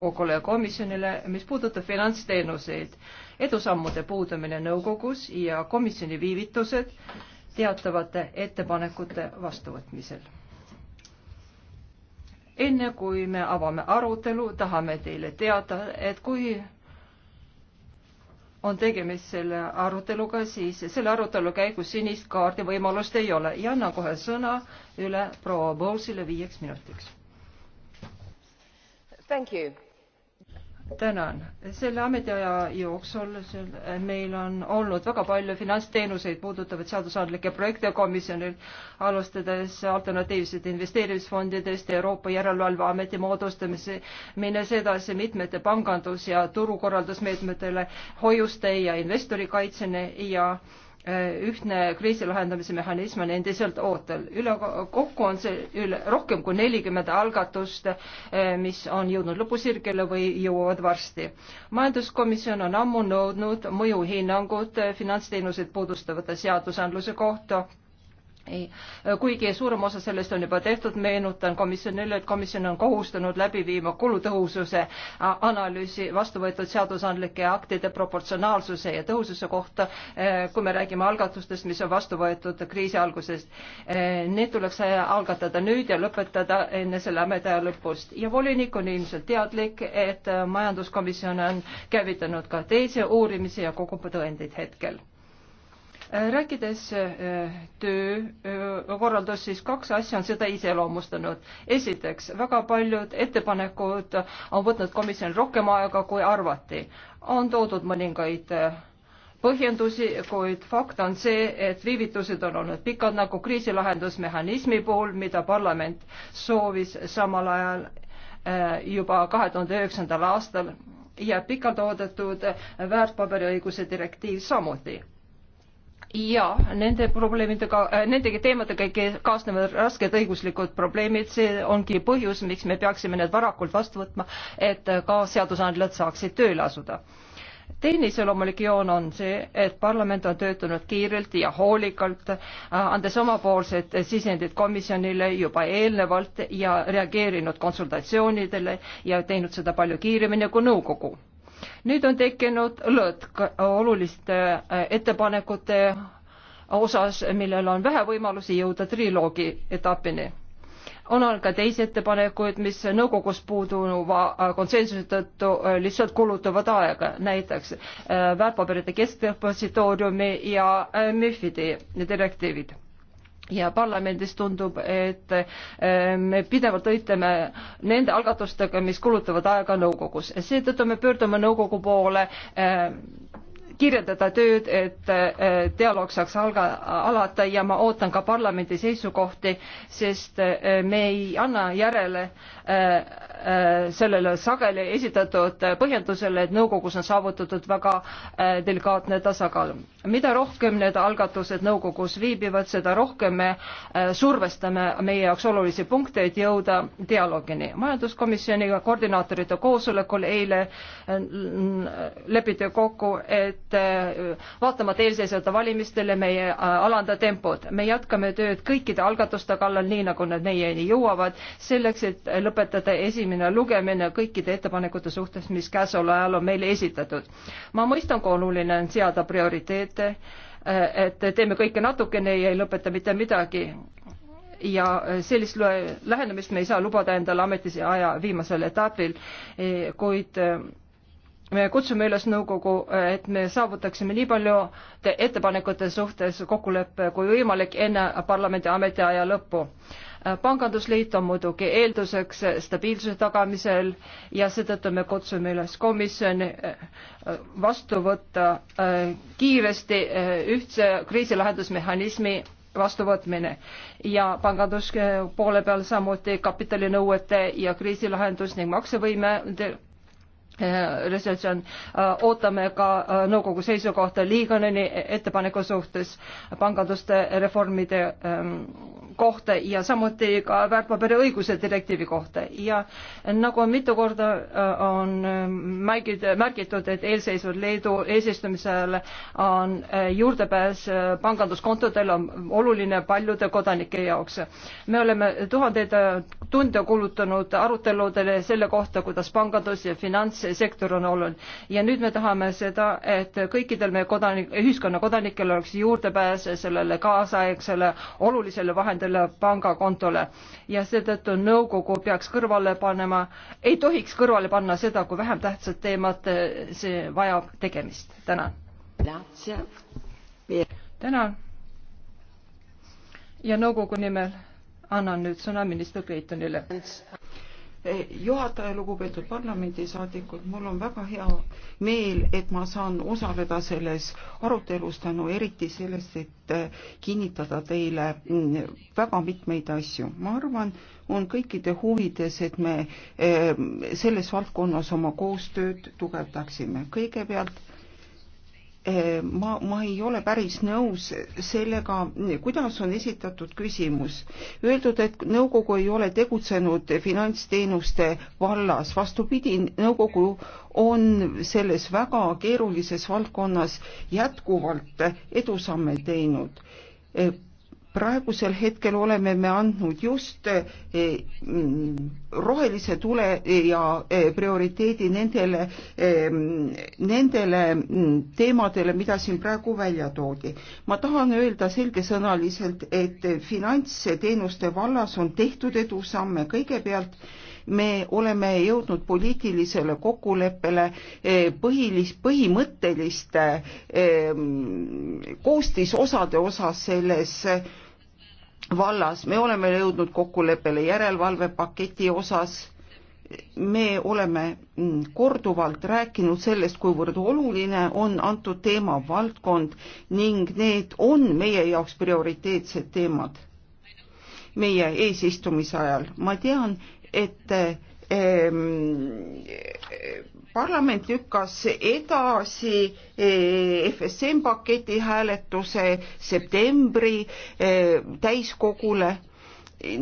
kogule ja komisjonile, mis puudutab finantsteenuseid, edusammude puudumine nõukogus ja komisjoni viivitused teatavate ettepanekute vastuvõtmisel. enne kui me avame arutelu, tahame teile teada, et kui on tegemist selle aruteluga, siis selle arutelu käigus sinist kaardi võimalust ei ole ja annan kohe sõna üle proua Bowlesile viieks minutiks. Thank you tänan. selle ametiaja jooksul eh, meil on olnud väga palju finantsteenuseid puudutavaid seadusandlikke projekte komisjonil, alustades alternatiivsete investeerimisfondidest, Euroopa Järelevalveameti moodustamise, minnes edasi mitmete pangandus- ja turukorraldusmeetmetele, hoiuste ja investorikaitseni ja äh, Äh, ühtne kriisilahendamise mehhanism on endiselt ootel. üle, kokku on see üle, rohkem kui nelikümmend algatust, äh, mis on jõudnud lõpusirgele või jõuavad varsti. majanduskomisjon on ammu nõudnud mõjuhinnangut äh, finantsteenuseid puudustavate seadusandluse kohta kuigi suurem osa sellest on juba tehtud, meenutan komisjonile, et komisjon on kohustunud läbi viima kulutõhususe analüüsi vastu võetud seadusandlike aktide proportsionaalsuse ja tõhususe kohta, e, kui me räägime algatustest, mis on vastu võetud kriisi algusest. E, need tuleks algatada nüüd ja lõpetada enne selle ametiaja lõpust ja volinik on ilmselt teadlik, et majanduskomisjon on käivitanud ka teisi uurimisi ja kogub tõendeid hetkel rääkides äh, töökorraldust, äh, siis kaks asja on seda iseloomustanud. esiteks, väga paljud ettepanekud on võtnud komisjonil rohkem aega, kui arvati. on toodud mõningaid äh, põhjendusi, kuid fakt on see, et viivitused on olnud pikad nagu kriisilahendusmehhanismi puhul, mida parlament soovis samal ajal juba kahe tuhande üheksandal aastal ja pikalt oodatud väärtpaberiõiguse direktiiv samuti ja nende probleemidega, äh, nendegi teemadega kaasnevad rasked õiguslikud probleemid, see ongi põhjus, miks me peaksime need varakult vastu võtma, et äh, ka seadusandjad saaksid tööle asuda. teine iseloomulik joon on see, et parlament on töötanud kiirelt ja hoolikalt, äh, andes omapoolsed sisendid komisjonile juba eelnevalt ja reageerinud konsultatsioonidele ja teinud seda palju kiiremini kui nõukogu nüüd on tekkinud lõtk oluliste äh, ettepanekute osas, millel on vähe võimalusi jõuda triloogi etapini. on olnud ka teisi ettepanekuid, mis nõukogus puuduva äh, konsensuse tõttu äh, lihtsalt kulutavad aega, näiteks väärtpaberite keskdepositooriumi ja MIFID-i direktiivid ja parlamendis tundub, et ehm, me pidevalt õitleme nende algatustega, mis kulutavad aega nõukogus. seetõttu me pöördume nõukogu poole ehm, kirjeldada tööd, et eh, dialoog saaks alga, alata ja ma ootan ka parlamendi seisukohti, sest eh, me ei anna järele eh, sellele sageli esitatud põhjendusele, et nõukogus on saavutatud väga delikaatne tasakaal. mida rohkem need algatused nõukogus viibivad, seda rohkem me survestame meie jaoks olulisi punkte, et jõuda dialoogini. majanduskomisjoni koordinaatorite koosolekul eile lepiti kokku, et et äh, vaatamata eelseisvate valimistele meie äh, alanda tempot. me jätkame tööd kõikide algatuste kallal, nii nagu nad meieni jõuavad, selleks, et lõpetada esimene lugemine kõikide ettepanekute suhtes, mis käesoleval ajal on meile esitatud. ma mõistan, kui oluline on seada prioriteete, äh, et teeme kõike natukene ja ei lõpeta mitte midagi ja sellist lähenemist me ei saa lubada endale ametis aja viimasel etapil, eh, kuid me kutsume üles nõukogu, et me saavutaksime nii palju ettepanekute suhtes kokkuleppe kui võimalik enne parlamendi ametiaja lõppu. pangandusliit on muidugi eelduseks stabiilsuse tagamisel ja seetõttu me kutsume üles komisjoni eh, vastu võtta eh, kiiresti eh, ühtse kriisilahendusmehhanismi vastuvõtmine ja pangandus poole peal samuti kapitalinõuete ja kriisilahendus ning maksevõime Eh, resolutsioon, eh, ootame ka eh, nõukogu seisukohta Liiganeni ettepaneku suhtes panganduste reformide ehm, kohta ja samuti ka väärtpaberiõiguse direktiivi kohta ja nagu mitu korda äh, on ähm, märgid, märgitud, et eelseisval Leedu eesistumisel on äh, juurdepääs äh, panganduskontodel on oluline paljude kodanike jaoks. me oleme tuhandeid tunde kulutanud aruteludele selle kohta, kuidas pangandus ja finantssektor on oluline ja nüüd me tahame seda, et kõikidel meie kodanik, ühiskonna kodanikel oleks juurdepääs sellele kaasaegsele olulisele vahendile, sellele pangakontole ja seetõttu nõukogu peaks kõrvale panema, ei tohiks kõrvale panna seda, kui vähem tähtsad teemad, see vajab tegemist. tänan. tänan. ja nõukogu nimel annan nüüd sõna minister Kreitonile juhataja, lugupeetud parlamendisaadikud, mul on väga hea meel, et ma saan osaleda selles arutelus tänu eriti sellest, et äh, kinnitada teile mm, väga mitmeid asju. ma arvan, on kõikide huvides, et me äh, selles valdkonnas oma koostööd tugevdaksime. kõigepealt Ehm, ma, ma ei ole päris nõus sellega, kuidas on esitatud küsimus. Öeldud, et nõukogu ei ole tegutsenud finantsteenuste vallas, vastupidi, nõukogu on selles väga keerulises valdkonnas jätkuvalt edusamme teinud ehm, praegusel hetkel oleme me andnud just eh, mm, rohelise tule eh, ja eh, prioriteedi nendele, mm, nendele mm, teemadele, mida siin praegu välja toodi. ma tahan öelda selgesõnaliselt, et finantsteenuste vallas on tehtud edusamme, kõigepealt me oleme jõudnud poliitilisele kokkuleppele eh, põhilis-, põhimõtteliste ehm, koostisosade osas selles eh, vallas, me oleme jõudnud kokkuleppele järelevalvepaketi osas, me oleme mm, korduvalt rääkinud sellest, kuivõrd oluline on antud teemavaldkond ning need on meie jaoks prioriteetsed teemad meie eesistumise ajal. ma tean, et ähm, parlament lükkas edasi eh, FSM paketi hääletuse septembri äh, täiskogule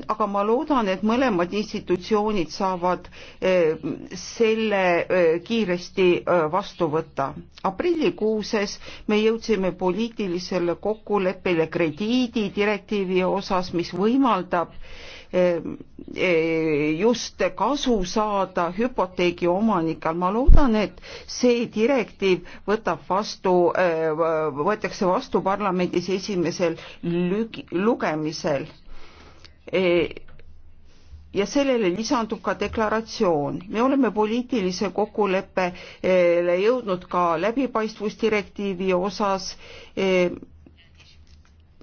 aga ma loodan, et mõlemad institutsioonid saavad eh, selle kiiresti vastu võtta. aprillikuuses me jõudsime poliitilisele kokkuleppele krediididirektiivi osas, mis võimaldab Eh, eh, just kasu saada hüpoteegiomanikel. ma loodan, et see direktiiv võtab vastu, eh, võetakse vastu parlamendis esimesel lugemisel ja sellele lisandub ka deklaratsioon. me oleme poliitilise kokkuleppele jõudnud ka läbipaistvusdirektiivi osas,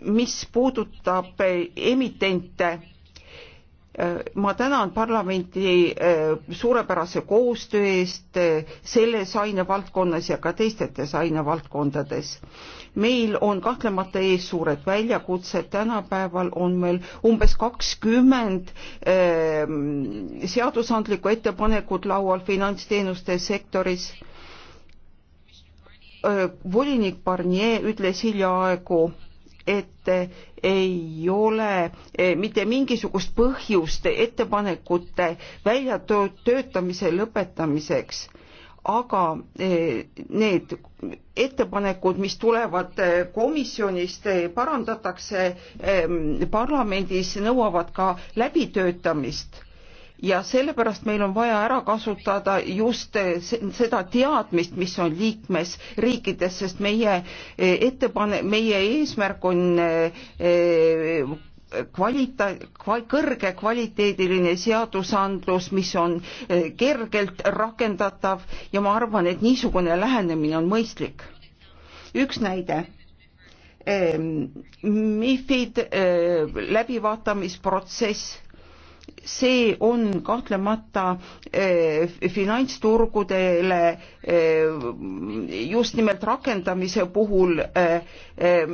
mis puudutab emitente ma tänan parlamenti eh, suurepärase koostöö eest eh, selles ainevaldkonnas ja ka teistetes ainevaldkondades. meil on kahtlemata ees suured väljakutsed, tänapäeval on meil umbes kakskümmend eh, seadusandlikku ettepanekut laual finantsteenuste sektoris. volinik Barnier ütles hiljaaegu et eh, ei ole eh, mitte mingisugust põhjust ettepanekute väljatöötamise lõpetamiseks, aga eh, need ettepanekud, mis tulevad komisjonist, parandatakse parlamendis, nõuavad ka läbitöötamist ja sellepärast meil on vaja ära kasutada just eh, seda teadmist, mis on liikmesriikides, sest meie eh, ettepane-, meie eesmärk on eh, kvalita-, kval-, kõrgekvaliteediline seadusandlus, mis on kergelt rakendatav ja ma arvan, et niisugune lähenemine on mõistlik. üks näide. MIFID läbivaatamisprotsess see on kahtlemata eh, finantsturgudele eh, just nimelt rakendamise puhul eh,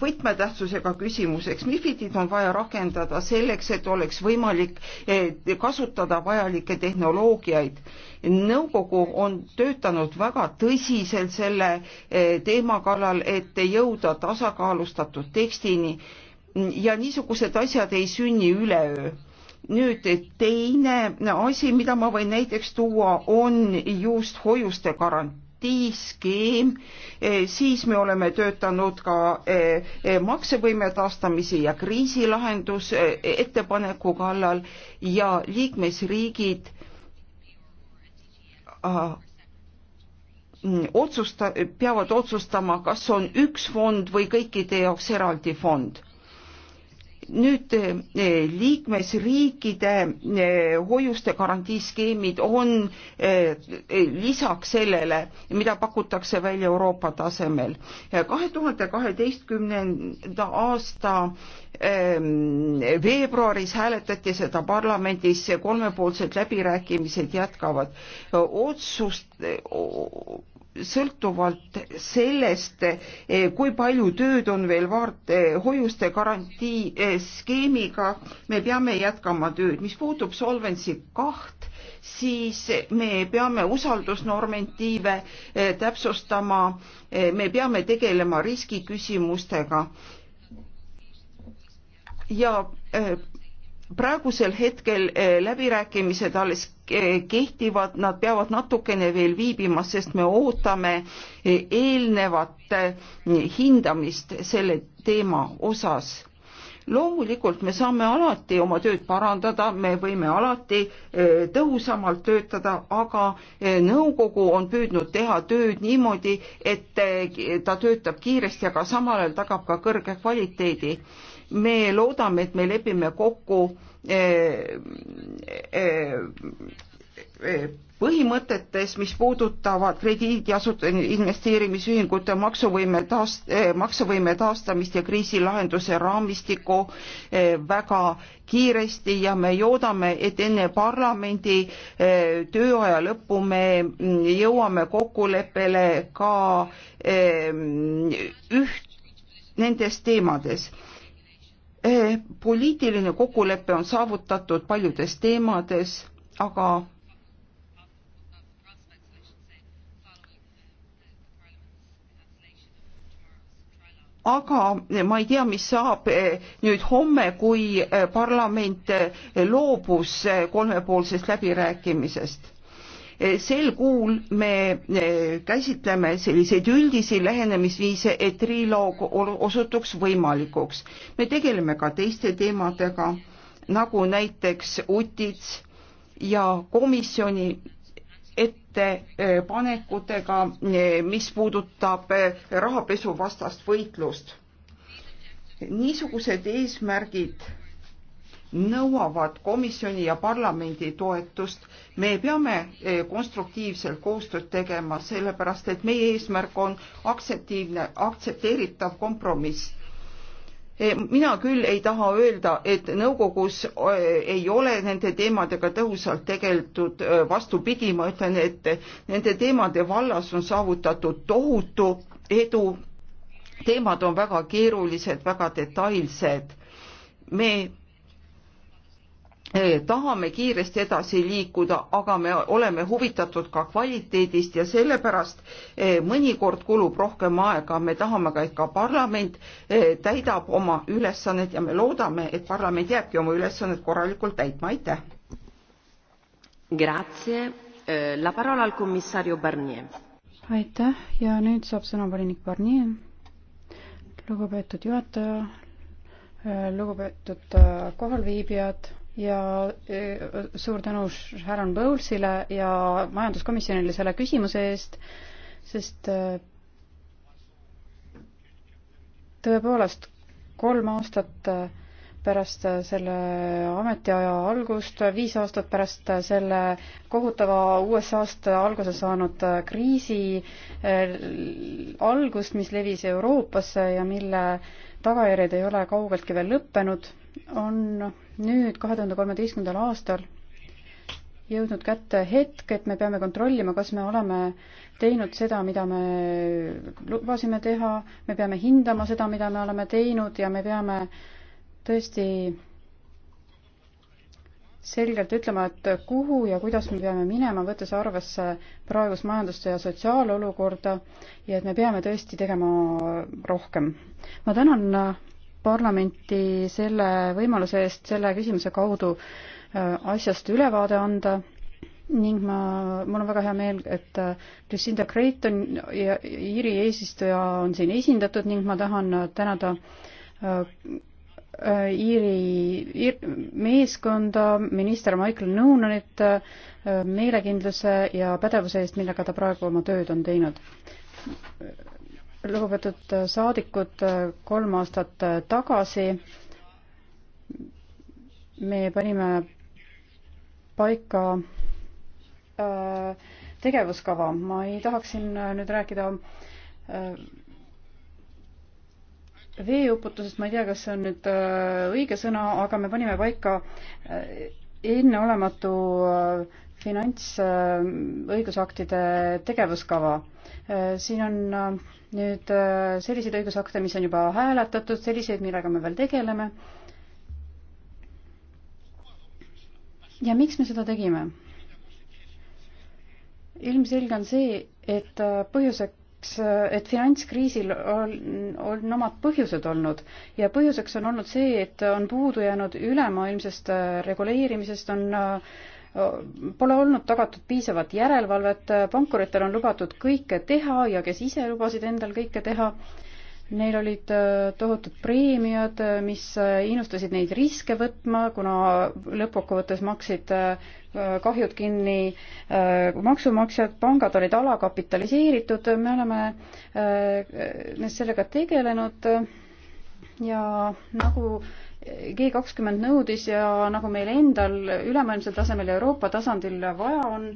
võtmetähtsusega küsimuseks, MIFIDid on vaja rakendada selleks, et oleks võimalik kasutada vajalikke tehnoloogiaid. nõukogu on töötanud väga tõsiselt selle teema kallal, et jõuda tasakaalustatud tekstini ja niisugused asjad ei sünni üleöö. nüüd teine asi, mida ma võin näiteks tuua, on just hoiuste garantiiskeem, eh, siis me oleme töötanud ka eh, eh, maksevõime taastamise ja kriisilahendus ettepaneku kallal ja liikmesriigid ah, mm, otsusta-, peavad otsustama, kas on üks fond või kõikide jaoks eraldi fond nüüd eh, liikmesriikide eh, hoiuste garantiiskeemid on eh, lisaks sellele, mida pakutakse välja Euroopa tasemel. kahe tuhande kaheteistkümnenda aasta ehm, veebruaris hääletati seda parlamendis, kolmepoolsed läbirääkimised jätkavad. otsust sõltuvalt sellest, eh, kui palju tööd on veel vaart-, eh, hoiuste garantiiskeemiga, eh, me peame jätkama tööd. mis puutub Solvency kaht, siis me peame usaldusnormentiive täpsustama, me peame tegelema riskiküsimustega ja praegusel hetkel eh, läbirääkimised alles eh, kehtivad, nad peavad natukene veel viibima, sest me ootame eh, eelnevat hindamist selle teema osas. loomulikult me saame alati oma tööd parandada, me võime alati tõhusamalt töötada, aga nõukogu on püüdnud teha tööd niimoodi, et ta töötab kiiresti, aga samal ajal tagab ka kõrge kvaliteedi me loodame, et me lepime kokku eh, eh, eh, põhimõtetes, mis puudutavad krediidiasut-, investeerimisühingute maksuvõime taast-, maksuvõime taastamist ja kriisilahenduse raamistiku väga kiiresti ja me joodame, et enne parlamendi tööaja lõppu me mm, jõuame kokkuleppele ka üht nendes teemades E poliitiline kokkulepe on saavutatud paljudes teemades, aga aga ma ei tea, mis saab e, nüüd homme, kui e, parlament loobus kolmepoolsest läbirääkimisest sel kuul me e, käsitleme selliseid üldisi lähenemisviise, et triloog osutuks võimalikuks. me tegeleme ka teiste teemadega, nagu näiteks UTITS ja komisjoni ettepanekutega, e, e, mis puudutab rahapesuvastast võitlust. niisugused eesmärgid nõuavad komisjoni ja parlamendi toetust. me peame eh, konstruktiivselt koostööd tegema, sellepärast et meie eesmärk on aktseptiivne, aktsepteeritav kompromiss eh, mina küll ei taha öelda, et nõukogus eh, ei ole nende teemadega tõhusalt tegeldud, vastupidi, ma ütlen, et nende teemade vallas on saavutatud tohutu edu. teemad on väga keerulised, väga detailsed. me Eh, tahame kiiresti edasi liikuda, aga me oleme huvitatud ka kvaliteedist ja sellepärast eh, mõnikord kulub rohkem aega, me tahame ka, et ka parlament eh, täidab oma ülesannet ja me loodame, et parlament jääbki oma ülesannet korralikult täitma, aitäh. aitäh ja nüüd saab sõna volinik Barnier. lugupeetud juhataja, lugupeetud kohalviibijad ja e, suur tänu Sharon Bowlesile ja majanduskomisjonile selle küsimuse eest, sest e, tõepoolest kolm aastat e, pärast selle ametiaja algust, viis aastat pärast selle kohutava USA-st alguse saanud kriisi eh, algust, mis levis Euroopasse ja mille tagajärjed ei ole kaugeltki veel lõppenud, on nüüd kahe tuhande kolmeteistkümnendal aastal jõudnud kätte hetk, et me peame kontrollima, kas me oleme teinud seda, mida me lubasime teha, me peame hindama seda, mida me oleme teinud ja me peame äh, tõesti selgelt ütlema, et kuhu ja kuidas me peame minema, võttes arvesse praegust majanduste ja sotsiaalolukorda ja et me peame tõesti tegema rohkem. ma tänan parlamenti selle võimaluse eest selle küsimuse kaudu äh, asjast ülevaade anda ning ma, mul on väga hea meel, et äh, Lucinda Creighton ja Iiri eesistuja on siin esindatud ning ma tahan äh, tänada Iiri meeskonda, minister Michael Noonanit meelekindluse ja pädevuse eest, millega ta praegu oma tööd on teinud. lugupeetud saadikud, kolm aastat tagasi me panime paika äh, tegevuskava, ma ei tahaks siin äh, nüüd rääkida äh, veeuputusest, ma ei tea, kas see on nüüd äh, õige sõna, aga me panime paika äh, enneolematu äh, finantsõigusaktide tegevuskava. siin on nüüd selliseid õigusakte, mis on juba hääletatud, selliseid, millega me veel tegeleme. ja miks me seda tegime? ilmselge on see, et põhjuseks et finantskriisil on, on omad põhjused olnud ja põhjuseks on olnud see, et on puudu jäänud ülemaailmsest äh, reguleerimisest, on, äh, pole olnud tagatud piisavat järelevalvet, äh, pankuritel on lubatud kõike teha ja kes ise lubasid endal kõike teha Neil olid äh, tohutud preemiad, äh, mis äh, innustasid neid riske võtma, kuna lõppkokkuvõttes maksid kahjud kinni maksumaksjad, pangad olid alakapitaliseeritud, me oleme sellega tegelenud ja nagu G kakskümmend nõudis ja nagu meil endal ülemaailmsel tasemel ja Euroopa tasandil vaja on,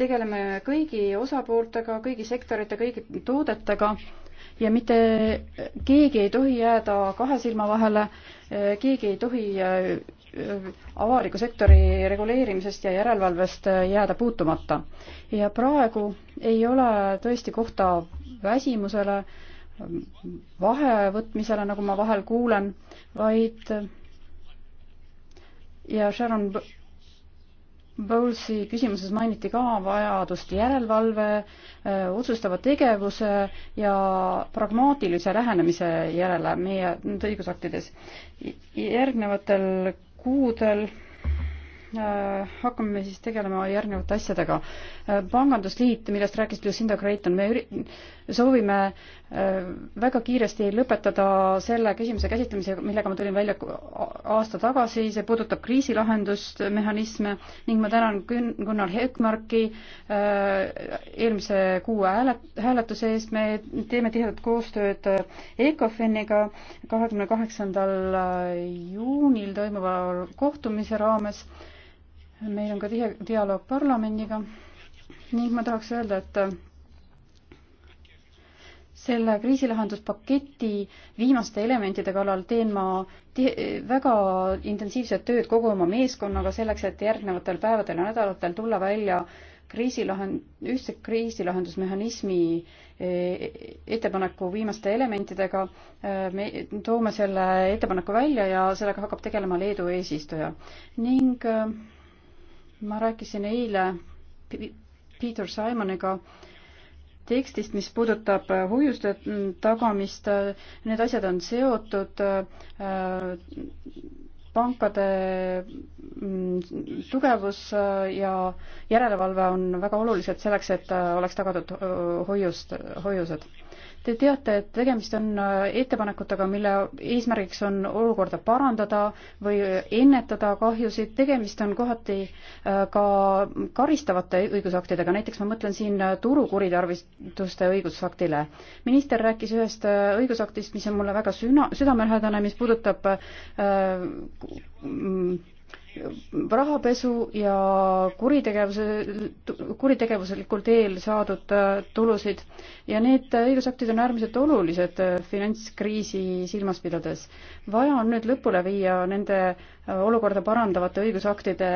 tegeleme kõigi osapooltega, kõigi sektorite, kõigi toodetega ja mitte keegi ei tohi jääda kahe silma vahele, keegi ei tohi äh, avaliku sektori reguleerimisest ja järelevalvest äh, jääda puutumata. ja praegu ei ole tõesti kohta väsimusele, vahevõtmisele, nagu ma vahel kuulen, vaid ja Sharon Bowlesi küsimuses mainiti ka vajadust järelevalve, äh, otsustava tegevuse ja pragmaatilise lähenemise järele meie õigusaktides. järgnevatel kuudel Äh, hakkame siis tegelema järgnevate asjadega. Äh, pangandusliit, millest rääkis Lucinda Creighton, me üri-, soovime äh, väga kiiresti lõpetada selle küsimuse käsitlemise, millega ma tulin välja aasta tagasi, see puudutab kriisilahendust, mehhanisme ning ma tänan Gunnar Hökmarki eelmise kuu hääle, hääletuse eest, me teeme tihedat koostööd ECOFIN-iga kahekümne kaheksandal juunil toimuva kohtumise raames meil on ka tihe dialoog parlamendiga ning ma tahaks öelda, et selle kriisilahenduspaketi viimaste elementide kallal teen ma väga intensiivset tööd kogu oma meeskonnaga selleks, et järgnevatel päevadel ja nädalatel tulla välja kriisilahend-, ühtse kriisilahendusmehhanismi e, ettepaneku viimaste elementidega. me toome selle ettepaneku välja ja sellega hakkab tegelema Leedu eesistuja ning äh, ma rääkisin eile Peter Simoniga tekstist, mis puudutab äh, hoiuste tagamist, need asjad on seotud äh, pankade mm, tugevus äh, ja järelevalve on väga olulised selleks, et oleks tagatud hoiust, hoiused Te teate, et tegemist on äh, ettepanekutega, mille eesmärgiks on olukorda parandada või ennetada kahjusid, tegemist on kohati äh, ka karistavate õigusaktidega, näiteks ma mõtlen siin äh, turu kuritarvistuste õigusaktile. minister rääkis ühest õigusaktist, mis on mulle väga süna-, südamelähedane, mis puudutab äh, rahapesu ja kuritegevuse, kuritegevuslikul teel saadud äh, tulusid ja need äh, õigusaktid on äärmiselt olulised äh, finantskriisi silmas pidades. vaja on nüüd lõpule viia nende olukorda parandavate õigusaktide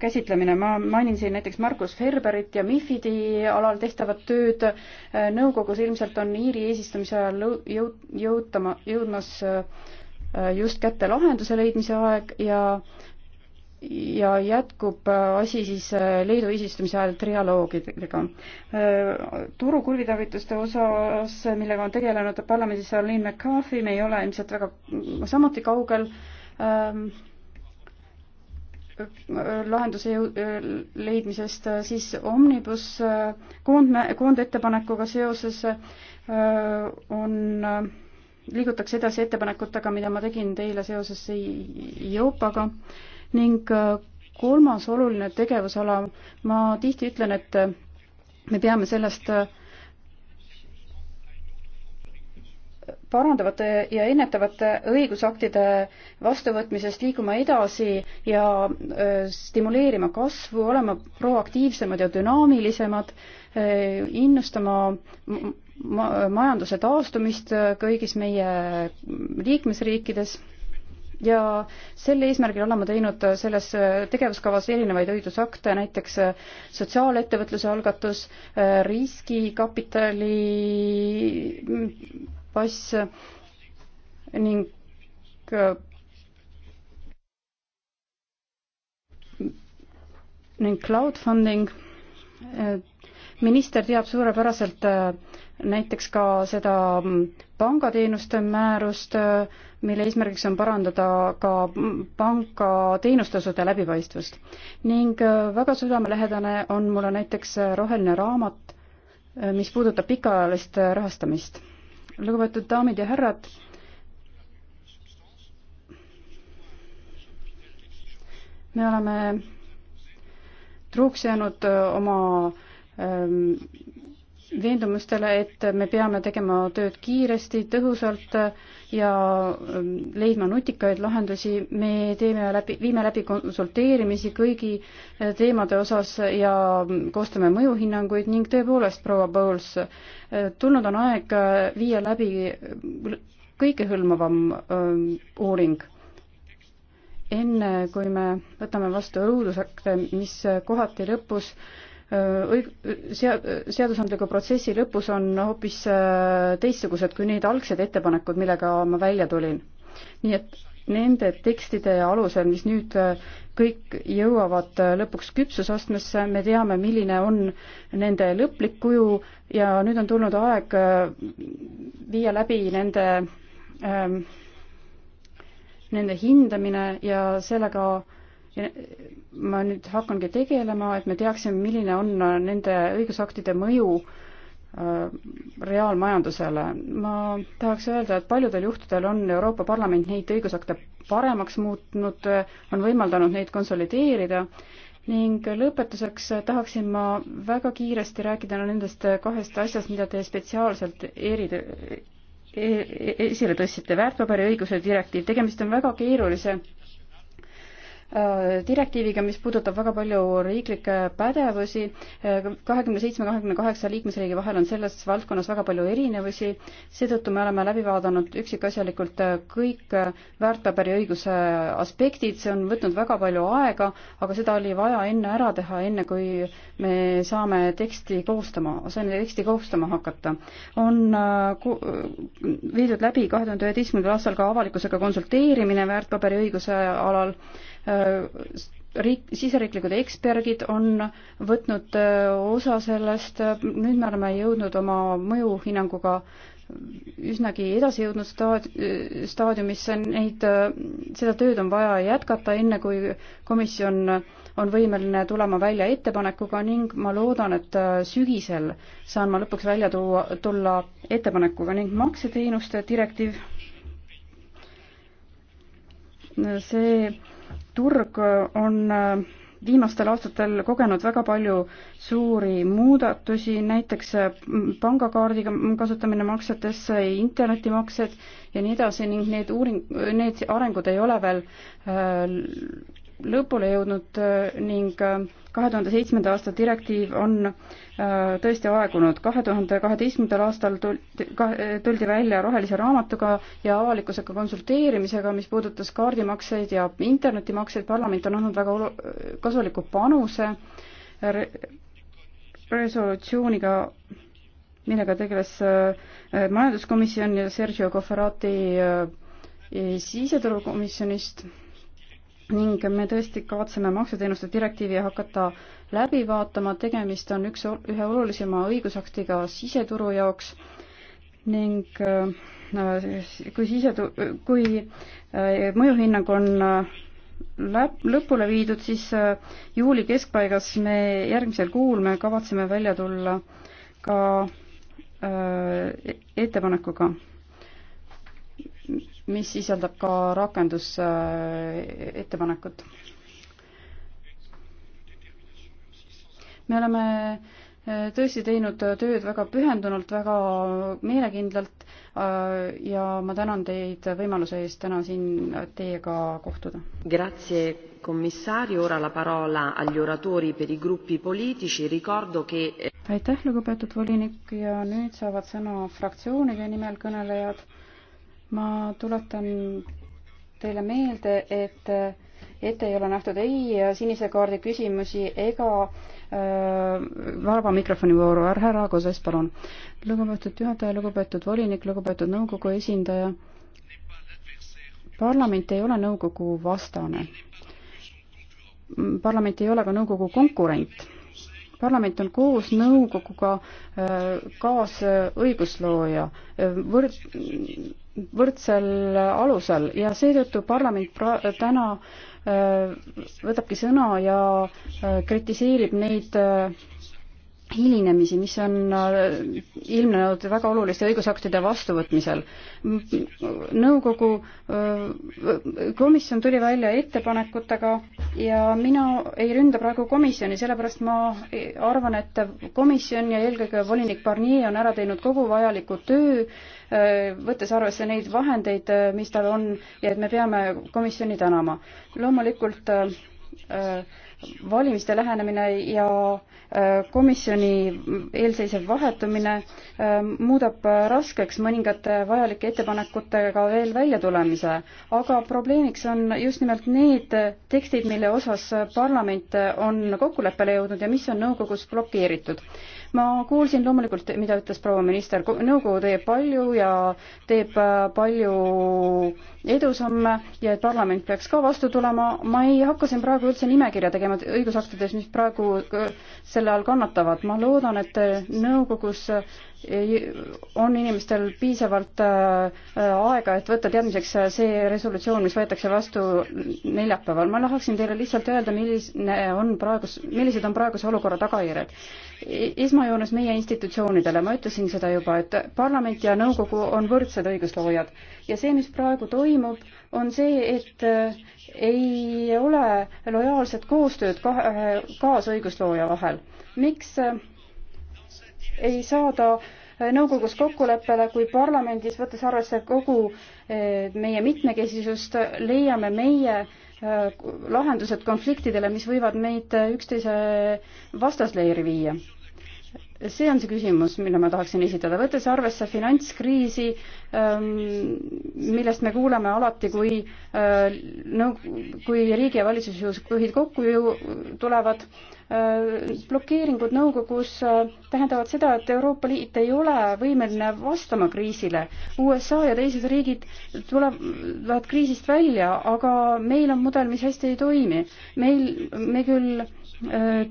käsitlemine, ma mainin siin näiteks Markus Ferberit ja MIFID-i alal tehtavat tööd, nõukogus ilmselt on Iiri eesistumise ajal jõu-, jõutama, jõudmas Äh, just kätte lahenduse leidmise aeg ja ja jätkub äh, asi siis äh, Leedu eesistumise ajal trialoogidega. turu kuritarvituste osas, millega on tegelenud parlamendis Arlene McCarthy, me ei ole ilmselt väga samuti kaugel ähm, lahenduse jõu-, leidmisest, siis Omnibus koondme-, koondettepanekuga seoses äh, on äh, liigutakse edasi ettepanekutega, mida ma tegin teile seoses Euroopaga ning äh, kolmas oluline tegevusala, ma tihti ütlen, et äh, me peame sellest äh, parandavate ja ennetavate õigusaktide vastuvõtmisest liiguma edasi ja stimuleerima kasvu, olema proaktiivsemad ja dünaamilisemad, innustama ma-, majanduse taastumist äh, kõigis meie liikmesriikides ja sel eesmärgil oleme teinud äh, selles äh, tegevuskavas erinevaid õigusakte, näiteks sotsiaalettevõtluse algatus, riskikapitali mm, pass ning ning crowdfunding minister teab suurepäraselt äh, näiteks ka seda mm, pangateenuste määrust, äh, mille eesmärgiks on parandada ka mm, pangateenustasude läbipaistvust. ning äh, väga südamelähedane on mulle näiteks roheline raamat, mis puudutab pikaajalist rahastamist. lugupeetud daamid ja härrad, me oleme truuks jäänud oma Ähm, veendumustele, et me peame tegema tööd kiiresti, tõhusalt ja ähm, leidma nutikaid lahendusi. me teeme läbi, viime läbi konsulteerimisi kõigi äh, teemade osas ja koostame mõjuhinnanguid ning tõepoolest, proua Pauls, äh, tulnud on aeg äh, viia läbi kõikehõlmavam ähm, uuring enne kui me võtame vastu õudusakte, mis kohati lõpus äh, õig-, sead-, seadusandliku protsessi lõpus on hoopis äh, teistsugused kui need algsed ettepanekud, millega ma välja tulin. nii et nende tekstide alusel, mis nüüd äh, kõik jõuavad äh, lõpuks küpsusastmesse, me teame, milline on nende lõplik kuju ja nüüd on tulnud aeg viia läbi nende ähm, nende hindamine ja sellega äh, ma nüüd hakkangi tegelema, et me teaksime, milline on nende õigusaktide mõju äh, reaalmajandusele. ma tahaks öelda, et paljudel juhtudel on Euroopa Parlament neid õigusakte paremaks muutnud, on võimaldanud neid konsolideerida ning lõpetuseks tahaksin ma väga kiiresti rääkida no nendest kahest asjast, mida te spetsiaalselt eri, e- e- esile tõstsite, väärtpaberiõiguse direktiiv, tegemist on väga keerulise Äh, direktiiviga, mis puudutab väga palju riiklikke pädevusi. Äh, kahekümne seitsme, kahekümne kaheksa liikmesriigi vahel on selles valdkonnas väga palju erinevusi, seetõttu me oleme läbi vaadanud üksikasjalikult äh, kõik väärtpaberiõiguse aspektid, see on võtnud väga palju aega, aga seda oli vaja enne ära teha, enne kui me saame teksti koostama, saime teksti koostama hakata. on viidud läbi kahe tuhande üheteistkümnendal aastal ka avalikkusega konsulteerimine väärtpaberiõiguse alal Äh, riik, siseriiklikud eksperdid on võtnud äh, osa sellest, nüüd me oleme jõudnud oma mõjuhinnanguga üsnagi edasi jõudnud staad-, äh, staadiumisse, neid, seda tööd on vaja jätkata, enne kui komisjon on võimeline tulema välja ettepanekuga ning ma loodan, et sügisel saan ma lõpuks välja tuua, tulla ettepanekuga ning makseteenuste direktiiv, see turg on äh, viimastel aastatel kogenud väga palju suuri muudatusi, näiteks äh, pangakaardi kasutamine maksetesse, internetimaksed ja nii edasi ning need uuring, need arengud ei ole veel äh, lõpule jõudnud ning kahe tuhande seitsmenda aasta direktiiv on Äh, tõesti aegunud. kahe tuhande kaheteistkümnendal aastal tuldi välja rohelise raamatuga ja avalikkusega konsulteerimisega, mis puudutas kaardimakseid ja internetimakseid. parlament on andnud väga kasuliku panuse re resolutsiooniga millega tegeles äh, majanduskomisjon ja Sergio Cofferati äh, siseturukomisjonist ning me tõesti kavatseme maksuteenuste direktiivi hakata läbi vaatama, tegemist on üks, ühe olulisema õigusaktiga siseturu jaoks ning äh, kui sisetu-, kui äh, mõjuhinnang on äh, läp-, lõpule viidud, siis juuli keskpaigas me, järgmisel kuul me kavatseme välja tulla ka ettepanekuga, mis sisaldab ka rakendusettepanekut. me oleme äh, tõesti teinud tööd väga pühendunult, väga meelekindlalt äh, ja ma tänan teid võimaluse eest täna siin teiega kohtuda. Grazie commissario, ora la parola agli oratori per i gruppi politici, ricordo che eh, aitäh, lugupeetud volinik ja nüüd saavad sõna fraktsioonide nimel kõnelejad. ma tuletan teile meelde, et ette ei ole nähtud ei sinise kaardi küsimusi ega äh, Äh, vaba mikrofoni vooru, härra Koses, palun. lugupeetud juhataja, lugupeetud volinik, lugupeetud nõukogu esindaja. parlament ei ole nõukogu vastane. parlament ei ole ka nõukogu konkurent parlament on koos nõukoguga äh, kaasõiguslooja äh, võrd-, võrdsel alusel ja seetõttu parlament pra-, täna äh, võtabki sõna ja kritiseerib neid hilinemisi, mis on äh, ilmnenud väga oluliste õigusaktide vastuvõtmisel. nõukogu äh, komisjon tuli välja ettepanekutega ja mina ei ründa praegu komisjoni, sellepärast ma arvan, et komisjon ja eelkõige volinik Barnier on ära teinud kogu vajaliku töö, äh, võttes arvesse neid vahendeid, mis tal on ja et me peame komisjoni tänama. loomulikult äh, valimiste lähenemine ja äh, komisjoni eelseisev vahetumine äh, muudab raskeks mõningate vajalike ettepanekutega veel välja tulemise, aga probleemiks on just nimelt need tekstid, mille osas parlament on kokkuleppele jõudnud ja mis on nõukogus blokeeritud. ma kuulsin loomulikult, mida ütles proua minister, nõukogu teeb palju ja teeb äh, palju edusamme ja et parlament peaks ka vastu tulema. ma ei hakka siin praegu üldse nimekirja tegema õigusaktides, mis praegu äh, selle all kannatavad. ma loodan, et äh, nõukogus äh, on inimestel piisavalt aega, et võtta teadmiseks see resolutsioon, mis võetakse vastu neljapäeval. ma tahaksin teile lihtsalt öelda, milline on praegus, millised on praeguse olukorra tagajärjed. esmajoones meie institutsioonidele, ma ütlesin seda juba, et parlament ja nõukogu on võrdsed õigusloojad ja see, mis praegu toimub, on see, et äh, ei ole lojaalset koostööd kahe äh, kaasõiguslooja vahel. miks äh, ei saada nõukogus kokkuleppele, kui parlamendis, võttes arvesse kogu meie mitmekesisust, leiame meie lahendused konfliktidele, mis võivad meid üksteise vastasleeri viia see on see küsimus, mille ma tahaksin esitada, võttes arvesse finantskriisi, ähm, millest me kuuleme alati, kui äh, no kui riigi ja valitsusjuhid kokku ju tulevad, äh, blokeeringud nõukogus äh, tähendavad seda, et Euroopa Liit ei ole võimeline vastama kriisile. USA ja teised riigid tulevad kriisist välja, aga meil on mudel, mis hästi ei toimi. meil, me küll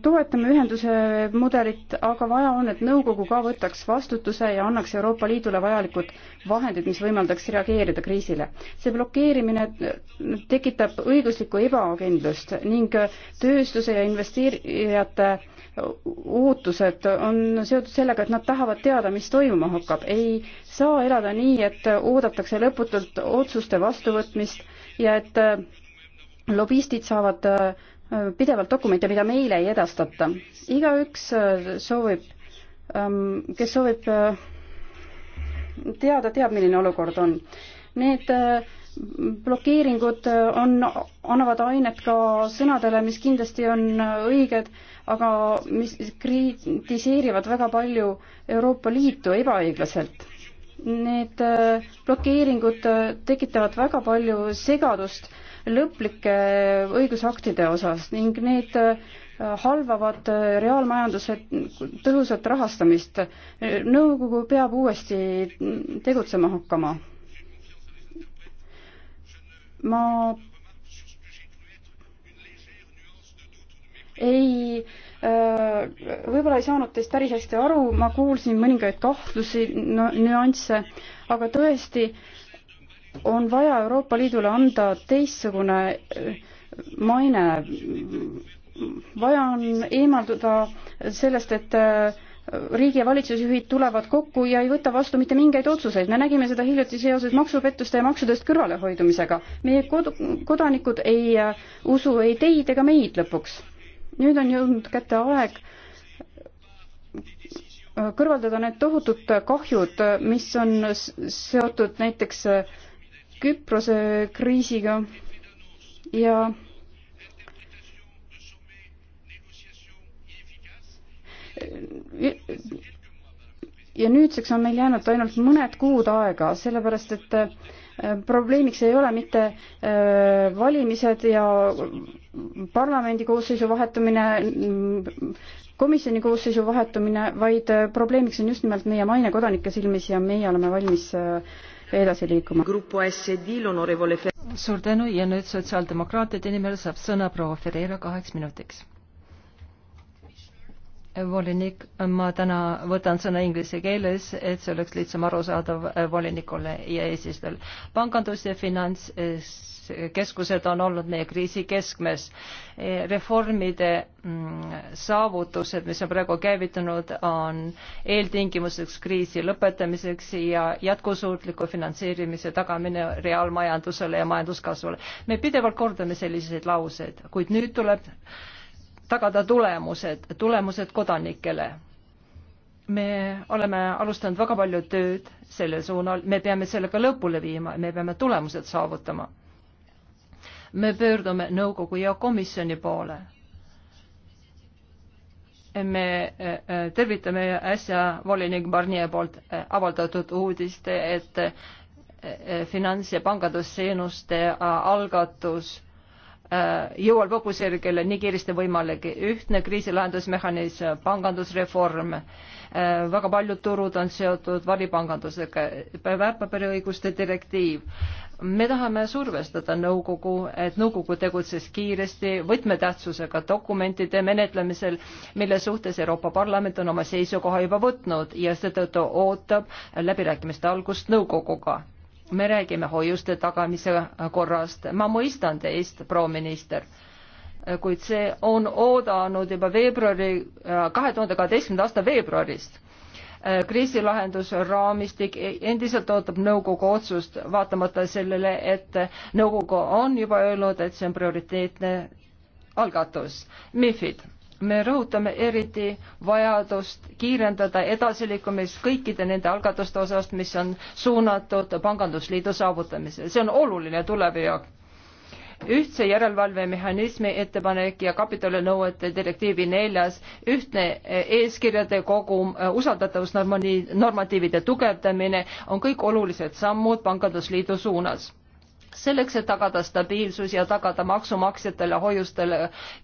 toetame ühenduse mudelit, aga vaja on, et nõukogu ka võtaks vastutuse ja annaks Euroopa Liidule vajalikud vahendid, mis võimaldaks reageerida kriisile. see blokeerimine tekitab õiguslikku ebakindlust ning tööstuse ja investeerijate ootused on seotud sellega, et nad tahavad teada, mis toimuma hakkab. ei saa elada nii, et oodatakse lõputult otsuste vastuvõtmist ja et lobistid saavad äh, pidevalt dokumente, mida meile ei edastata. igaüks äh, soovib, ähm, kes soovib äh, teada, teab, milline olukord on. Need äh, blokeeringud on, annavad ainet ka sõnadele, mis kindlasti on õiged, aga mis kritiseerivad väga palju Euroopa Liitu ebaõiglaselt. Need blokeeringud tekitavad väga palju segadust lõplike õigusaktide osas ning need äh, halvavad äh, reaalmajanduse tõhusat rahastamist. nõukogu peab uuesti tegutsema hakkama. ma ei, äh, võib-olla ei saanud teist päris hästi aru, ma kuulsin mõningaid kahtlusi, nüansse, aga tõesti äh, on vaja Euroopa Liidule anda teistsugune äh, maine. vaja on eemalduda sellest, et äh, riigi ja valitsusjuhid tulevad kokku ja ei võta vastu mitte mingeid otsuseid. me nägime seda hiljuti seoses maksupettuste ja maksudest kõrvalehoidumisega. meie kod-, kodanikud ei äh, usu ei teid ega meid lõpuks. nüüd on jõudnud kätte aeg kõrvaldada need tohutud kahjud, mis on seotud näiteks äh, Küprose kriisiga ja ja nüüdseks on meil jäänud ainult mõned kuud aega, sellepärast et äh, probleemiks ei ole mitte äh, valimised ja parlamendi koosseisu vahetumine, mm, komisjoni koosseisu vahetumine, vaid äh, probleemiks on just nimelt meie maine kodanike silmis ja meie oleme valmis edasi liikuma. suur tänu ja nüüd sotsiaaldemokraatide nimel saab sõna proua Ferreira kaheks minutiks volinik, ma täna võtan sõna inglise keeles, et see oleks lihtsam arusaadav eh, volinikule ja eesistujal. pangandus ja finantskeskused on olnud meie kriisi keskmes. Eh, reformide mm, saavutused, mis on praegu käivitunud, on eeltingimuseks kriisi lõpetamiseks ja jätkusuutliku finantseerimise tagamine reaalmajandusele ja majanduskasvule. me pidevalt kordame selliseid lauseid, kuid nüüd tuleb tagada tulemused, tulemused kodanikele. me oleme alustanud väga palju tööd sellel suunal, me peame sellega lõpule viima, me peame tulemused saavutama. me pöördume nõukogu ja komisjoni poole. me eh, eh, tervitame äsja volinik Barnier poolt eh, avaldatud uudist, et finants- ja pangandusteenuste algatus Äh, jõuab lõpusele, kelle nii kiiresti võimalik. ühtne kriisilahendusmehhanism, pangandusreform, äh, väga paljud turud on seotud varipangandusega, väärtpaberiõiguste direktiiv. me tahame survestada nõukogu, et nõukogu tegutses kiiresti võtmetähtsusega dokumentide menetlemisel, mille suhtes Euroopa Parlament on oma seisukoha juba võtnud ja seetõttu ootab läbirääkimiste algust nõukoguga me räägime hoiuste tagamise korrast. ma mõistan teist, proua minister, kuid see on oodanud juba veebruari, äh, kahe tuhande kaheteistkümnenda aasta veebruarist. Äh, kriisilahendusraamistik endiselt ootab nõukogu otsust, vaatamata sellele, et nõukogu on juba öelnud, et see on prioriteetne algatus. MIFID me rõhutame eriti vajadust kiirendada edasiliikumist kõikide nende algatuste osas, mis on suunatud pangandusliidu saavutamisele. see on oluline tulevi jaoks. ühtse järelevalvemehhanismi ettepanek ja kapitalinõuete direktiivi neljas ühtne eeskirjade kogum, usaldatavusnormatiivide tugevdamine on kõik olulised sammud pangandusliidu suunas selleks, et tagada stabiilsus ja tagada maksumaksjatele, hoiustele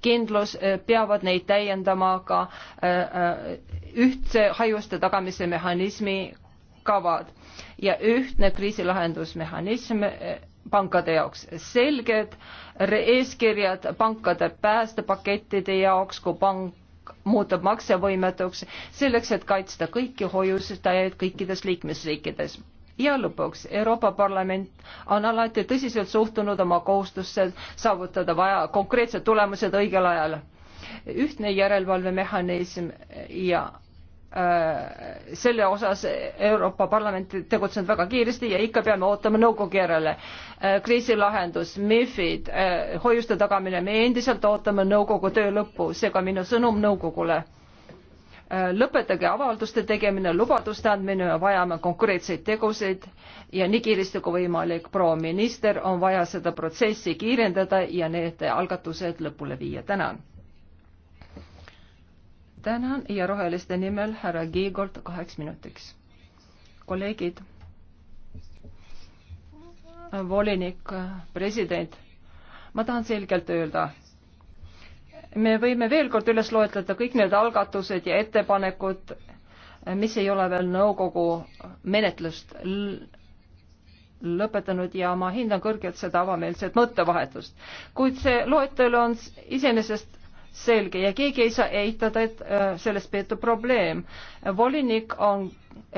kindlus, eh, peavad neid täiendama ka eh, eh, ühtse haiuste tagamise mehhanismi kavad ja ühtne kriisilahendusmehhanism pankade jaoks, selged eeskirjad pankade päästepakettide jaoks, kui pank muutub maksevõimetuks, selleks et kaitsta kõiki hoiustajaid kõikides liikmesriikides ja lõpuks, Euroopa Parlament on alati tõsiselt suhtunud oma kohustusse saavutada vaja konkreetsed tulemused õigel ajal. ühtne järelevalvemehhanism ja äh, selle osas Euroopa Parlament tegutsenud väga kiiresti ja ikka peame ootama nõukogu järele äh,. kriisilahendus, MIFID äh,, hoiuste tagamine, me endiselt ootame nõukogu töö lõppu, seega minu sõnum nõukogule Äh, lõpetage avalduste tegemine, lubaduste andmine, vajame konkreetseid tegusid ja nii kiiresti kui võimalik, proua minister, on vaja seda protsessi kiirendada ja need algatused lõpule viia, tänan. tänan ja roheliste nimel härra Kiigolt kaheks minutiks. kolleegid, volinik, president, ma tahan selgelt öelda me võime veel kord üles loetleda kõik need algatused ja ettepanekud, mis ei ole veel nõukogu menetlust lõpetanud ja ma hindan kõrgelt seda avameelset mõttevahetust. kuid see loetelu on iseenesest selge ja keegi ei saa eitada, et äh, sellest peetub probleem. volinik on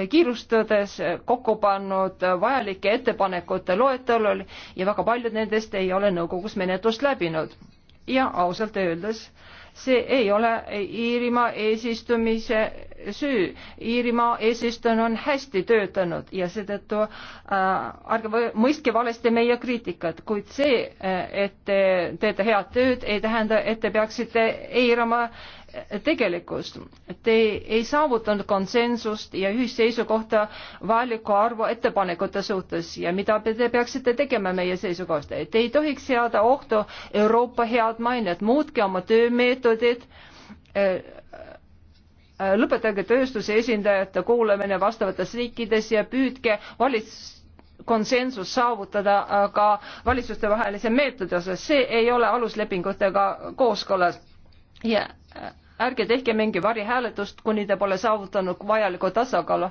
kiirustades kokku pannud vajalike ettepanekute loetelul ja väga paljud nendest ei ole nõukogus menetlust läbinud ja ausalt öeldes see ei ole Iirimaa eesistumise süü. Iirimaa eesistumine on hästi töötanud ja seetõttu äh, ärge mõistke valesti meie kriitikat, kuid see, äh, et te teete head tööd, ei tähenda, et te peaksite eirama tegelikkust. Te ei saavutanud konsensust ja ühisseisukohta vajaliku arvu ettepanekute suhtes ja mida te peaksite tegema meie seisukohast. Te ei tohiks seada ohtu Euroopa head mainet, muutke oma töömeetodid, äh, äh, lõpetage tööstuse esindajate kuulamine vastavates riikides ja püüdke valits-, konsensus saavutada ka valitsustevahelise meetodi osas, see ei ole aluslepingutega kooskõlas ja äh, ärge tehke mingi varihääletust, kuni te pole saavutanud vajalikku tasakaalu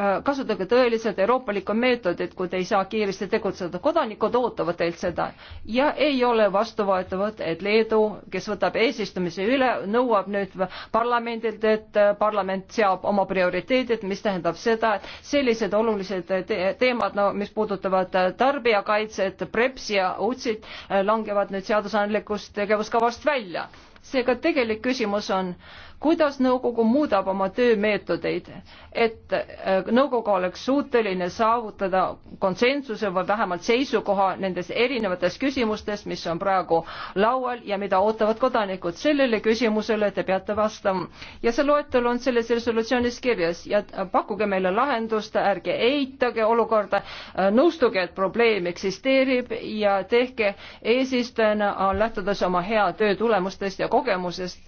Äh, kasutage tõeliselt euroopalikku meetodit, kui te ei saa kiiresti tegutseda, kodanikud ootavad teilt seda ja ei ole vastuvõetavad, et Leedu, kes võtab eesistumise üle, nõuab nüüd parlamendilt, et äh, parlament seab oma prioriteedid, mis tähendab seda, et sellised olulised te teemad, no mis puudutavad äh, tarbijakaitset, PREPS ja UTSIT langevad nüüd seadusandlikust tegevuskavast välja seega tegelik küsimus on kuidas nõukogu muudab oma töömeetodeid, et äh, nõukogu oleks suuteline saavutada konsensuse või vähemalt seisukoha nendes erinevates küsimustes, mis on praegu laual ja mida ootavad kodanikud. sellele küsimusele te peate vastama ja see loetelu on selles resolutsioonis kirjas ja pakkuge meile lahendust, ärge eitage olukorda, äh, nõustuge, et probleem eksisteerib ja tehke eesistujana äh, lähtudes oma hea töö tulemustest ja kogemusest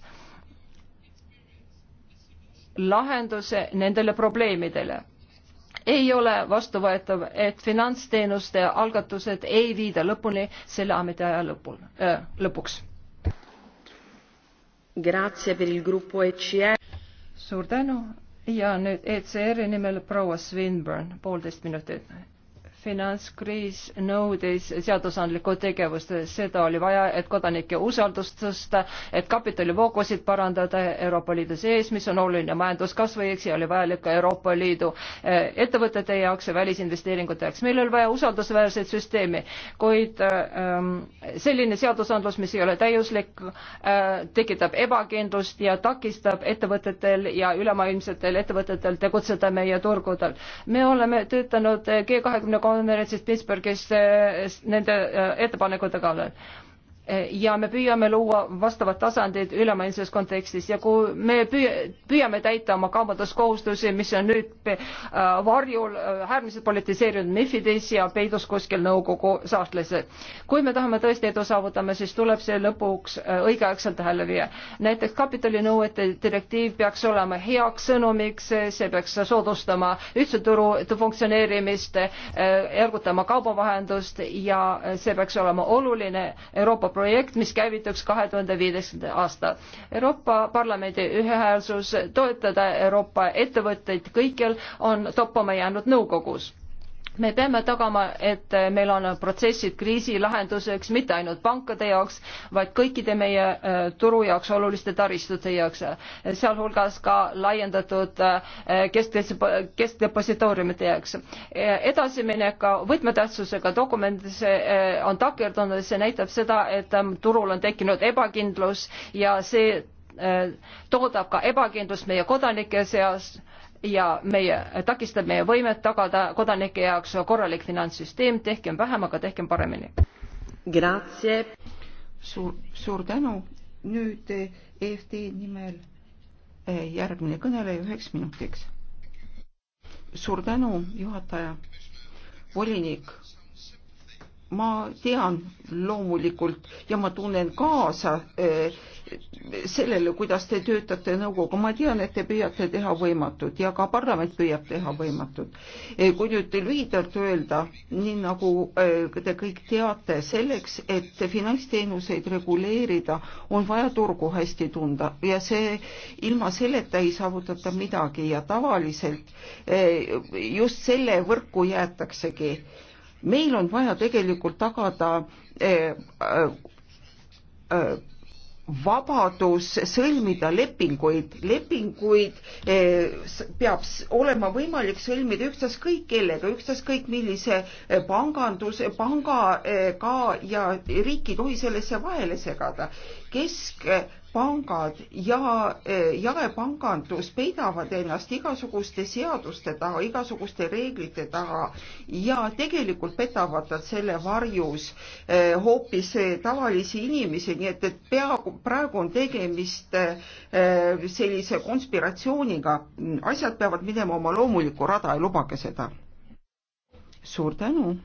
lahenduse nendele probleemidele. ei ole vastuvõetav, et finantsteenuste algatused ei viida lõpuni selle ametiaja lõpul äh,, lõpuks. E suur tänu ja nüüd ECR-i nimel proua Swinburne, poolteist minutit finantskriis nõudis seadusandlikku tegevust, seda oli vaja, et kodanike usaldust tõsta, et kapitalivoogusid parandada Euroopa Liidu sees, mis on oluline majanduskasvu, eks, ja oli vajalik ka Euroopa Liidu eh, ettevõtete jaoks ja välisinvesteeringute jaoks. meil oli vaja usaldusväärseid süsteeme, kuid ähm, selline seadusandlus, mis ei ole täiuslik äh,, tekitab ebakindlust ja takistab ettevõtetel ja ülemaailmsetel ettevõtetel tegutseda meie turgudel. me oleme töötanud G kahekümne konverentsis Pittsburghis äh, nende äh, ettepanekute kallal ja me püüame luua vastavad tasandid ülemaailmses kontekstis ja kui me püüame täita oma kaubanduskohustusi, mis on nüüd äh, varjul äh, äärmiselt politiseerunud MIFIDis ja peidus kuskil nõukogu sahtlis. kui me tahame tõesti edu saavutama, siis tuleb see lõpuks äh, õigeaegselt tähele viia. näiteks kapitalinõuete direktiiv peaks olema heaks sõnumiks, see peaks soodustama ühtse turu funktsioneerimist, ergutama kaubavahendust ja see peaks olema oluline Euroopa projekt, mis käivituks kahe tuhande viieteistkümnenda aasta. Euroopa Parlamendi ühehäälsus toetada Euroopa ettevõtteid kõikjal on toppama jäänud nõukogus me peame tagama, et meil on protsessid kriisi lahenduseks mitte ainult pankade jaoks, vaid kõikide meie äh, turu jaoks oluliste taristute jaoks, sealhulgas ka laiendatud äh, keskdes-, keskdepositooriumite jaoks. edasiminek võtmetähtsusega dokumendis äh, on takerdunud, see näitab seda, et ähm, turul on tekkinud ebakindlus ja see toodab ka ebakindlust meie kodanike seas ja meie, takistab meie võimet tagada kodanike jaoks korralik finantssüsteem, tehkem vähem, aga tehkem paremini. suur, suur tänu, nüüd EFD eh, e nimel eh, järgmine kõneleja üheks minutiks. suur tänu, juhataja, volinik ma tean loomulikult ja ma tunnen kaasa eh, sellele, kuidas te töötate nõukogu, ma tean, et te püüate teha võimatut ja ka parlament püüab teha võimatut. E, kui nüüd lühidalt öelda, nii nagu e, te kõik teate, selleks, et finantsteenuseid reguleerida, on vaja turgu hästi tunda ja see, ilma selleta ei saavutata midagi ja tavaliselt e, just selle võrku jäetaksegi. meil on vaja tegelikult tagada vabadus sõlmida lepinguid. lepinguid eh, peab olema võimalik sõlmida ükstaskõik kellega, ükstaskõik millise eh, pangandus, pangaga eh, ja riik ei tohi sellesse vahele segada. kesk pangad ja e, jaepangandus peidavad ennast igasuguste seaduste taha, igasuguste reeglite taha ja tegelikult petavad nad selle varjus e, hoopis e, tavalisi inimesi, nii et, et peaaegu praegu on tegemist sellise konspiratsiooniga. asjad peavad minema oma loomulikku rada ja lubage seda. suur tänu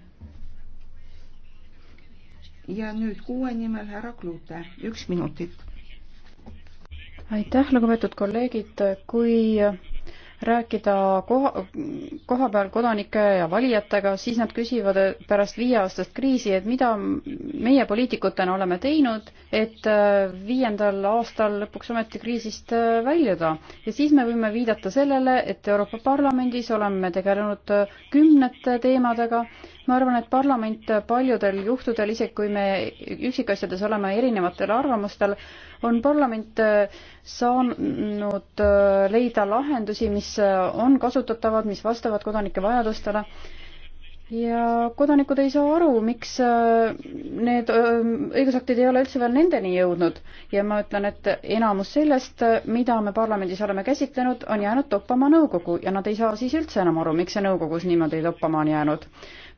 ja nüüd kuue nimel härra Klute, üks minutit aitäh, lugupeetud kolleegid, kui rääkida koha, koha peal kodanike ja valijatega, siis nad küsivad pärast viieaastast kriisi, et mida meie poliitikutena oleme teinud, et viiendal aastal lõpuks ometi kriisist väljuda. ja siis me võime viidata sellele, et Euroopa Parlamendis oleme tegelenud kümnete teemadega. ma arvan, et parlament paljudel juhtudel, isegi kui me üksikasjades oleme erinevatel arvamustel, on parlament äh, saanud äh, leida lahendusi, mis äh, on kasutatavad, mis vastavad kodanike vajadustele ja kodanikud ei saa aru, miks need õigusaktid ei ole üldse veel nendeni jõudnud ja ma ütlen, et enamus sellest, mida me parlamendis oleme käsitlenud, on jäänud toppama nõukogu ja nad ei saa siis üldse enam aru, miks see nõukogus niimoodi toppama on jäänud.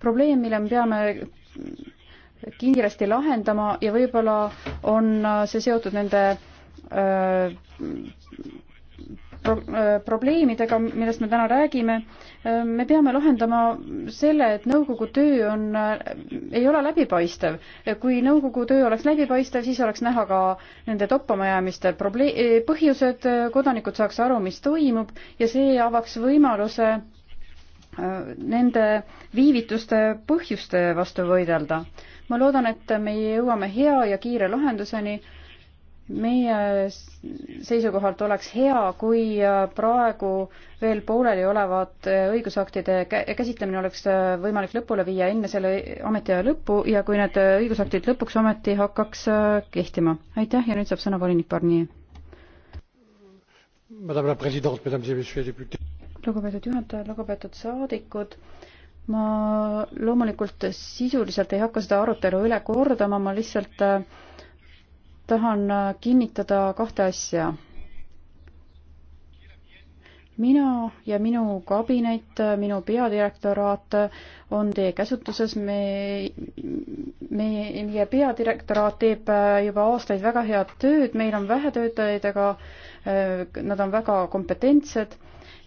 probleem, mille me peame kiiresti lahendama ja võib-olla on äh, see seotud nende öö, äh, pro, öö, äh, probleemidega, millest me täna räägime. me peame lahendama selle, et nõukogu töö on, ei ole läbipaistev. kui nõukogu töö oleks läbipaistev, siis oleks näha ka nende toppamajäämiste probleem, põhjused, kodanikud saaks aru, mis toimub ja see avaks võimaluse öö, nende viivituste põhjuste vastu võidelda ma loodan, et me jõuame hea ja kiire lahenduseni. meie seisukohalt oleks hea, kui praegu veel pooleli olevad õigusaktide käsitlemine oleks võimalik lõpule viia enne selle ametiaja lõppu ja kui need õigusaktid lõpuks ometi hakkaks kehtima. aitäh ja nüüd saab sõna volinik Barnier. lugupeetud juhataja, lugupeetud saadikud ma loomulikult sisuliselt ei hakka seda arutelu üle kordama, ma lihtsalt äh, tahan äh, kinnitada kahte asja. mina ja minu kabinet, äh, minu peadirektoraat on teie käsutuses, me, meie, meie peadirektoraat teeb juba aastaid väga head tööd, meil on vähe töötajaid, aga nad on väga kompetentsed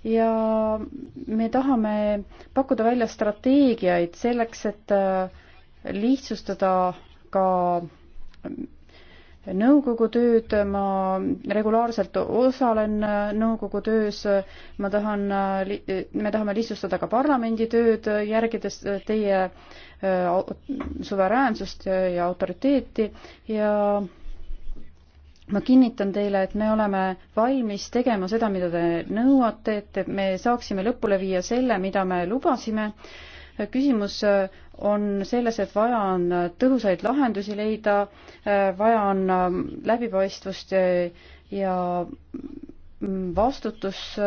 ja me tahame pakkuda välja strateegiaid selleks, et äh, lihtsustada ka äh, nõukogu tööd, ma regulaarselt osalen äh, nõukogu töös, ma tahan, me tahame lihtsustada ka parlamendi tööd, järgides teie suveräänsust ja autoriteeti ja ma kinnitan teile, et me oleme valmis tegema seda, mida te nõuate, et me saaksime lõpule viia selle, mida me lubasime. küsimus äh, on selles, et vaja on tõhusaid lahendusi leida, äh, vaja on äh, läbipaistvust ja vastutust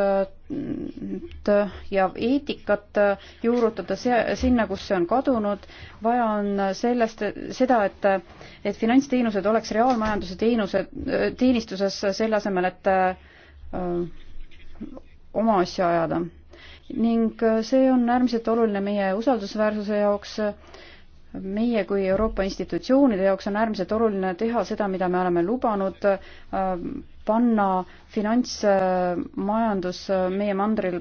ja eetikat juurutada sinna, kus see on kadunud. vaja on sellest, seda, et, et finantsteenused oleks reaalmajanduse teenused, teenistuses selle asemel, et öö, äh, oma asja ajada. ning see on äärmiselt oluline meie usaldusväärsuse jaoks meie kui Euroopa institutsioonide jaoks on äärmiselt oluline teha seda, mida me oleme lubanud, äh, panna finantsmajandus meie mandril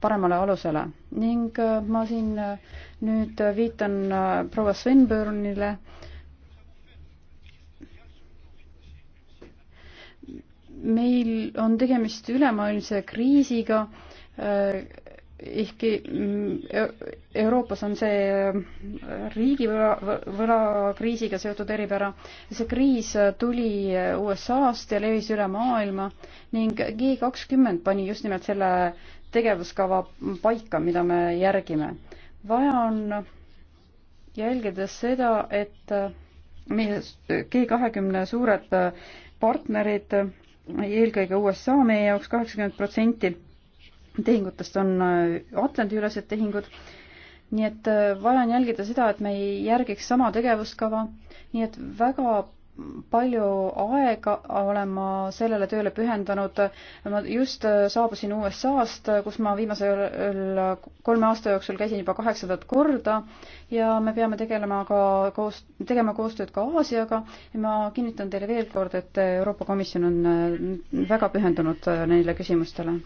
paremale alusele ning äh, ma siin äh, nüüd viitan äh, proua Svenbörnile. meil on tegemist ülemaailmse kriisiga ehkki mm, Euroopas on see äh, riigivõla, võlakriisiga seotud eripära. see kriis äh, tuli äh, USA-st ja levis üle maailma ning G kakskümmend pani just nimelt selle tegevuskava paika, mida me järgime. vaja on jälgida seda, et meie G kahekümne suured partnerid, eelkõige USA meie jaoks kaheksakümmend protsenti tehingutest on äh, Atlandi-ülesed tehingud. nii et äh, vaja on jälgida seda, et me ei järgiks sama tegevuskava, nii et väga palju aega olen ma sellele tööle pühendanud. ma just äh, saabusin USA-st, kus ma viimasel kolme aasta jooksul käisin juba kaheksandat korda ja me peame tegelema ka koos, tegema koostööd ka Aasiaga. ma kinnitan teile veel kord, et Euroopa Komisjon on väga pühendunud neile küsimustele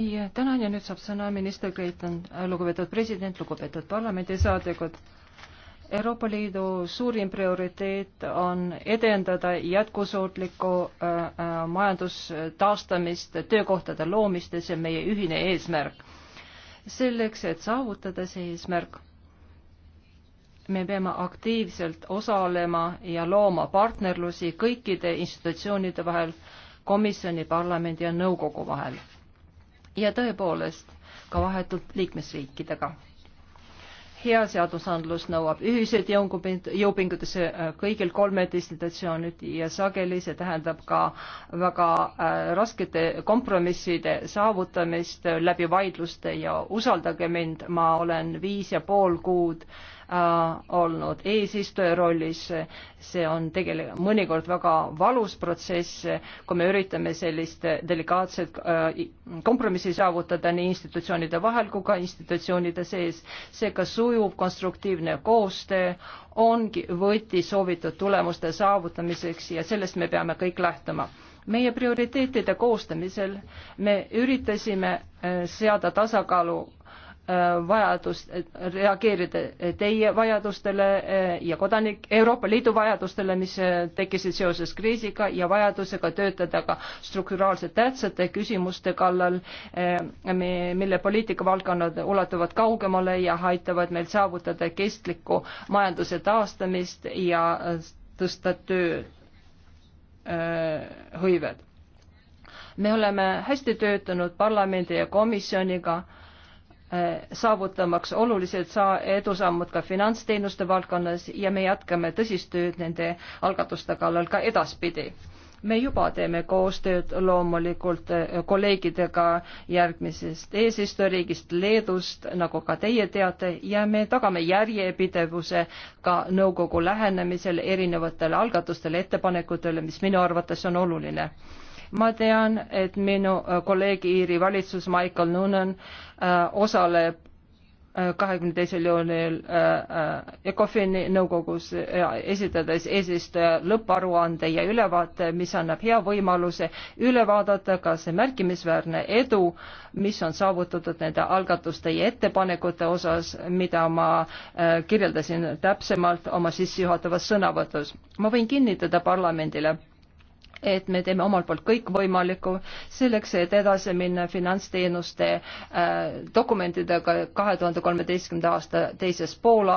ja tänan ja nüüd saab sõna minister Kreiton, lugupeetud president, lugupeetud parlamendisaadikud. Euroopa Liidu suurim prioriteet on edendada jätkusuutlikku äh, äh majandustaastamist, töökohtade loomist ja see on meie ühine eesmärk. selleks, et saavutada see eesmärk, me peame aktiivselt osalema ja looma partnerlusi kõikide institutsioonide vahel, komisjoni, parlamendi ja nõukogu vahel ja tõepoolest ka vahetult liikmesriikidega. hea seadusandlus nõuab ühiseid jõupingutusi äh, kõigil kolmel institutsioonid ja sageli see tähendab ka väga äh, raskete kompromisside saavutamist äh, läbi vaidluste ja usaldage mind, ma olen viis ja pool kuud äh, Äh, olnud eesistuja rollis. see on tegelikult mõnikord väga valus protsess, kui me üritame sellist delikaatset äh, kompromissi saavutada nii institutsioonide vahel kui ka institutsioonide sees. seega sujuv konstruktiivne koostöö ongi võti soovitud tulemuste saavutamiseks ja sellest me peame kõik lähtuma meie prioriteetide koostamisel me üritasime äh, seada tasakaalu Äh, vajadust reageerida teie vajadustele äh, ja kodanik Euroopa Liidu vajadustele, mis äh, tekkisid seoses kriisiga ja vajadusega töötada ka strukturaalselt tähtsate küsimuste kallal, mille poliitikavaldkonnad ulatuvad kaugemale ja aitavad meil saavutada kestlikku majanduse taastamist ja tõsta tööhõivet. me oleme hästi töötanud parlamendi ja komisjoniga Äh, saavutamaks olulised saa-, edusammud ka finantsteenuste valdkonnas ja me jätkame tõsist tööd nende algatuste kallal ka edaspidi. me juba teeme koostööd loomulikult äh, kolleegidega järgmisest eesistujariigist Leedust, nagu ka teie teate, ja me tagame järjepidevuse ka nõukogu lähenemisel erinevatele algatustele, ettepanekutele, mis minu arvates on oluline ma tean, et minu äh, kolleeg Iiri valitsus Michael Noonan äh, osaleb äh, kahekümne teisel juunil ECOFIN-i nõukogus esitades eesistuja lõpparuande ja ülevaate, mis annab hea võimaluse üle vaadata ka see märkimisväärne edu, mis on saavutatud nende algatuste ja ettepanekute osas, mida ma kirjeldasin täpsemalt oma sissejuhatavas sõnavõtus. ma võin kinnitada parlamendile, et me teeme omalt poolt kõik võimalikku selleks, et edasi minna finantsteenuste äh, dokumentidega kahe tuhande kolmeteistkümnenda aasta teises poola,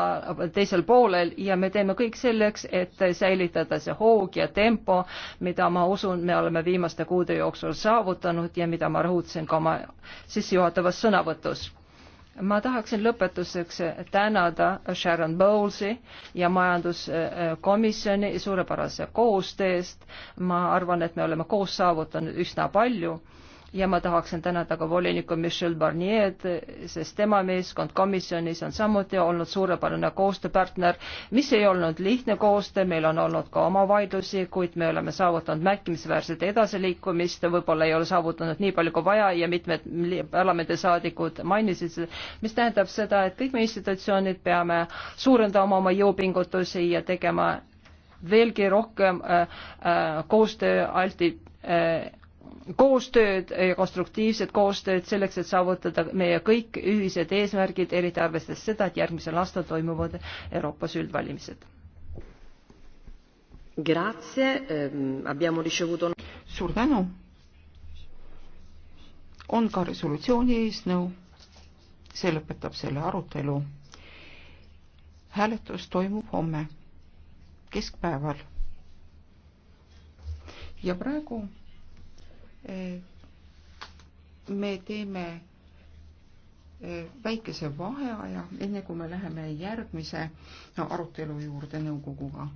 teisel poolel ja me teeme kõik selleks, et säilitada see hoog ja tempo, mida ma usun, me oleme viimaste kuude jooksul saavutanud ja mida ma rõhutasin ka oma sissejuhatavas sõnavõtus ma tahaksin lõpetuseks tänada Sharon Bowlesi ja majanduskomisjoni suurepärase koostöö eest. ma arvan, et me oleme koos saavutanud üsna palju ja ma tahaksin tänada ka volinikku Michel Barnier'd, sest tema meeskond komisjonis on samuti olnud suurepärane koostööpartner, mis ei olnud lihtne koostöö, meil on olnud ka oma vaidlusi, kuid me oleme saavutanud märkimisväärset edasiliikumist, võib-olla ei ole saavutanud nii palju kui vaja ja mitmed parlamendisaadikud mainisid seda, mis tähendab seda, et kõik me institutsioonid peame suurendama oma jõupingutusi ja tegema veelgi rohkem äh, äh, koostööaltid äh, koostööd ja konstruktiivset koostööd selleks, et saavutada meie kõik ühised eesmärgid, eriti arvestades seda, et järgmisel aastal toimuvad Euroopas üldvalimised. Ehm, suur tänu. on ka resolutsiooni eesnõu. see lõpetab selle arutelu. hääletus toimub homme keskpäeval. ja praegu Eh, me teeme eh, väikese vaheaja, enne kui me läheme järgmise arutelu juurde nõukoguga